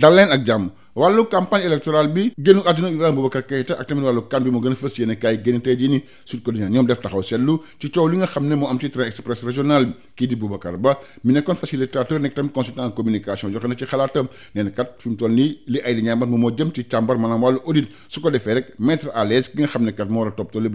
dal ak jàmm wàllu campagne électorale bi génnu àdduna Ibrahima Boubacar Keïta tamit wàllu kan bi moo gën a fës yéene kaay génn tey jii ni Sud Quotidien ñoom def taxaw seetlu ci coow li nga xam ne moo am ci train express régional kii di Boubacar Ba mi nekkoon facilitateur nekk tamit consultant communication joxe na ci xalaatam nee kat fi toll nii li ay di ñaambat moom moo jëm ci càmbar maanaam wàllu audit su ko defee rek mettre à l'aise ki nga xam ne kat moo war a toppatoo lépp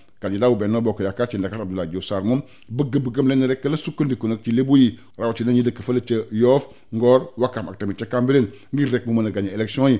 candidat wu benn Bokk Yaakaar ci Ndakaar Abdoulaye Diouf Sarr moom bëgg-bëggam leen rek la sukkandiku nag ci lébu yi rawatina ñuy dëkk fële ca Yoof Ngor Wakam ak tamit ca Cambérène ngir rek mu mën a gagné élection yi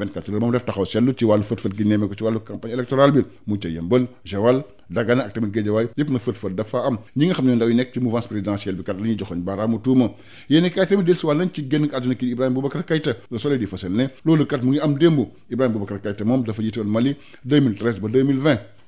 24 heures moom def taxaw seetlu ci wàllu fët-fët gi neemee ko ci wàllu campagne électorale bi mu ca yëmbal Dagana ak tamit Géejawaay yëpp na fët-fët dafa am ñi nga xam ne ndaw yi nekk ci mouvance présidentielle bi kat la joxoñ baaraamu tuuma yéeni kaay tamit dellusiwaat nañ ci génn àdduna kii Ibrahima Boubacar Keïta Le Soleil di ne loolu kat mu ngi am démb Ibrahima Boubacar Keïta moom dafa jiite Mali ba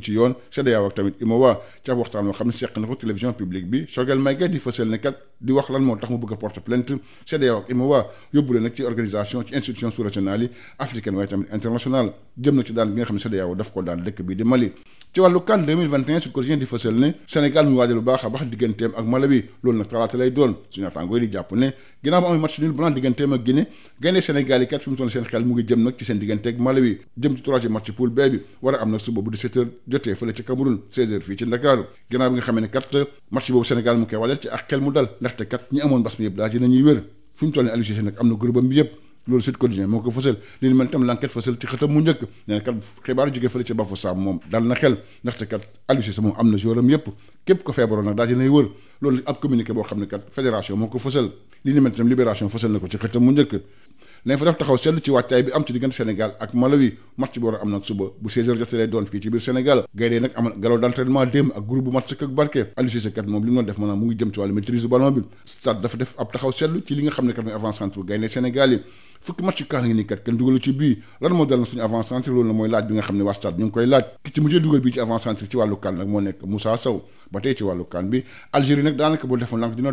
ci yoon CEDEAO ak tamit UEMOA ci ab waxtaan woo xam ne seq na ko télévision publique bi Choguel Maïga di fësal ne kat di wax lan moo tax mu bëgg a porter plainte CEDEAO ak UEMOA yóbbu leen nag ci organisation ci institution sous-régionale yi africaine waaye tamit internationale jëm na ci daan bi nga xam ne CEDEAO def ko daan dëkk bi di Mali ci wàllu CAN 2021 Sud Quotidien di fësal ne Sénégal mu waajal bu baax a baax digganteem ak Malawi loolu nag talaata lay doon suñu naataangoo di jàpp ne ginnaaw ba amee match nul bu naan digganteem ak Guinée gaynde Sénégal yi kat fi mu seen xel mu ngi jëm nag ci seen diggante ak Malawi jëm ci troisième match poule B bi war a am nag suba bu 17 jotee fële ci Cameroun fii ci Ndakaaru ginnaaw bi nga xamee ne kat match boobu Sénégal mu ngi waajal amoon bas mi yëpp daal dinañuy wér fi mu na groupe yëpp loolu sit Quotidien moo ko fësal li ni mel tam l'enquête fësal ci xëtam mu njëkk nee na kat xibaaru jógee fële ci Bafoussam moom dal na xel ndaxte kat Aliou Cissé moom am na joram yëpp képp ko feebaroon nag daal dinay wër loolu ab communiqué boo xam ne kat fédération moo ko fësal li ni mel tam libération fësal na ko ci xëtam mu njëkk lañ fa def taxaw seetlu ci wàccaay bi am ci diggante Sénégal ak Malawi match bi war a am nag suba bu 16 jotee lay doon fii ci biir Sénégal gaynde nag amal galop d'entraînement démb ak groupe bu match ak barke Aliou Cissé kat moom li mu def maanaam mu ngi jëm ci wàllu maîtrise du ballon bi stade dafa def ab taxaw seetlu ci li nga xam ne kat mooy avant-centre gaynde Sénégal yi fukki match kaan ngi nii na avant-centre loolu la mooy laaj bi nga xam ne waa stade ñu ngi koy laaj ki ci mujjee dugal bii ci avant daanaka boo defoon lank dina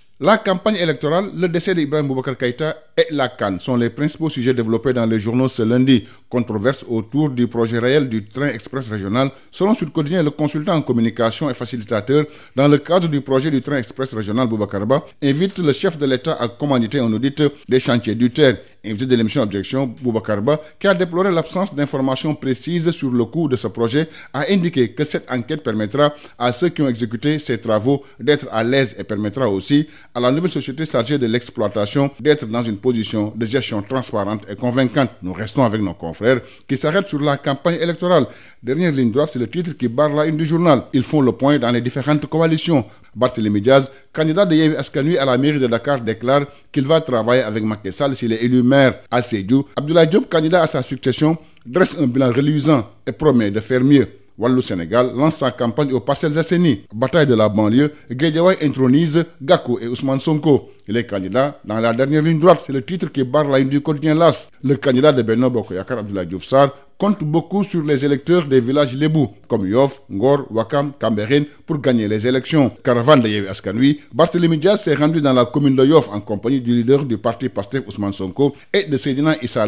La campagne électorale, le décès d'Ibrahim Boubacar Keïta et la CAN sont les principaux sujets développés dans les journaux ce lundi. Controverse autour du projet réel du train express régional, selon Sud Quotidien, le consultant en communication et facilitateur dans le cadre du projet du train express régional Boubacar Ba invite le chef de l'État à commanditer un audit des chantiers du terre. Invité de l'émission Objection, Boubacar Ba, qui a déploré l'absence d'informations précises sur le coût de ce projet, a indiqué que cette enquête permettra à ceux qui ont exécuté ces travaux d'être à l'aise et permettra aussi à la nouvelle société chargée de l'exploitation d'être dans une position de gestion transparente et convaincante. Nous restons avec nos confrères qui s'arrêtent sur la campagne électorale. Dernière ligne droite, c'est le titre maire à Sédhiou Abdoulaye Diop candidat à sa succession dresse un bilan reluisant et promet de faire mieux Wàllu Sénégal lance sa campagne aux Parcelles Assainies bataille de la banlieue Guédiawaye intronise Gakou et Ousmane Sonko les candidats dans la dernière ligne droite c'est le titre qui barre la une du quotidien L'As le candidat de Benno Bokk Yakaar Abdoulaye Diouf Sarr comptent beaucoup sur les électeurs des villages lébou comme Yoff, Ngor, Wakam, Cambérène pour gagner les élections. Caravane de Yewwi Askan Wi, Barthélémy Dias s'est rendu dans la commune de Yoff en compagnie du leader du parti Pastef Ousmane Sonko et de Seydina Issa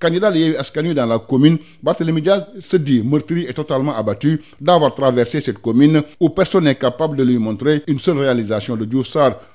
candidat de Yewwi Askan dans la commune. Barthélémy Dias se dit meurtri et totalement abattu d'avoir traversé cette commune où personne n'est capable de lui montrer une seule réalisation de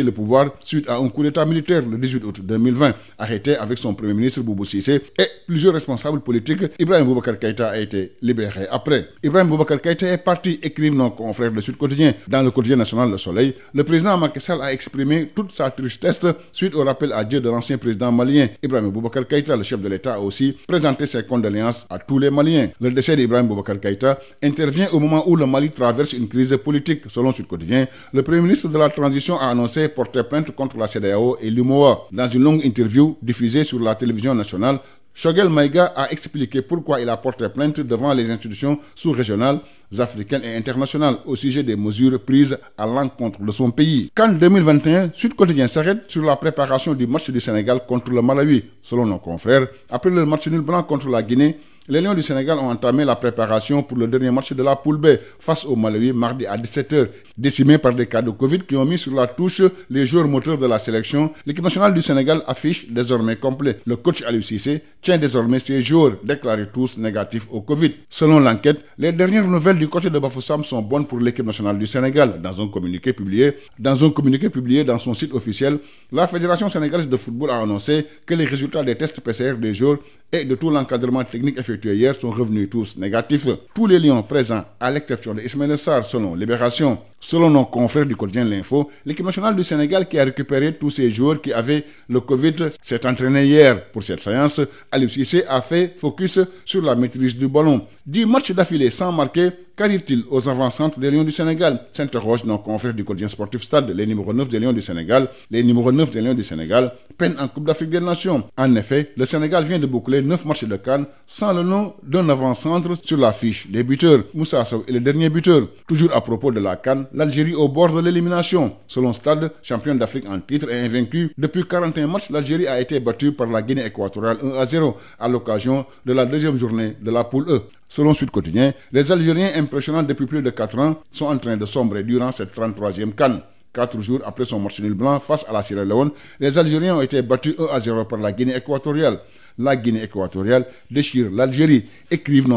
quitté le pouvoir suite à un coup d'État militaire le août Arrêté avec son premier ministre Boubou Cissé et plusieurs responsables politiques, Ibrahim Boubacar Keïta a été libéré après. Ibrahim Boubacar Keïta est parti, écrivent nos confrères de Sud Quotidien. Dans le quotidien national Le Soleil, le président Macky a exprimé toute sa tristesse suite au rappel à de l'ancien président malien. Ibrahim Boubacar Keïta, le chef de l'État, aussi présenté ses condoléances français portait plainte contre la CEDEAO et l'UMOA. Dans une longue interview diffusée sur la télévision nationale, Choguel Maïga a expliqué pourquoi il a porté plainte devant les institutions sous-régionales, africaines et internationales au sujet des mesures prises à l'encontre de son pays. Quand 2021, Quotidien s'arrête sur la préparation du match du Sénégal contre le Malawi. Selon nos confrères, après le match nul blanc contre la Guinée, Les Lions du Sénégal ont entamé la préparation pour le dernier match de la poule B face au Malawi mardi à 17h. par des cas de Covid qui ont mis sur la touche les joueurs moteurs de la sélection, l'équipe nationale du Sénégal affiche désormais complet. Le coach Aliou Cissé tient désormais ses joueurs déclarés tous négatifs au Covid. Selon l'enquête, les dernières nouvelles du côté de Bafoussam sont bonnes pour l'équipe nationale du Sénégal. et de tout l'encadrement technique effectué hier sont revenus tous négatifs. Tous les lions présents, à l'exception de Ismaël Sarr, selon Libération, Selon nos confrères du quotidien L'Info, l'équipe nationale du Sénégal qui a récupéré tous ses joueurs qui avaient le Covid s'est entraînée hier. Pour cette séance, Aliou Cissé a fait focus sur la maîtrise du ballon. Dix matchs d'affilée sans marquer, qu'arrive-t-il aux avant-centres des Lions du Sénégal S'interroge nos confrères du quotidien sportif Stade, les numéros 9 des Lions du Sénégal. Les numéros 9 des Lions du Sénégal peinent en Coupe d'Afrique des Nations. En l'Algérie au bord de l'élimination. Selon Stade, championne d'Afrique en titre et invaincue, depuis 41 matchs, l'Algérie a été battue par la Guinée équatoriale 1 à à l'occasion de la deuxième journée de la poule E. Selon Sud Quotidien, les Algériens impressionnants depuis plus de 4 ans sont en de sombrer durant cette 33e canne. Quatre jours après son match nul blanc face à la Sierra Leone, les Algériens ont été battus 1 à 0 par la Guinée équatoriale. La Guinée équatoriale déchire l'Algérie, écrivent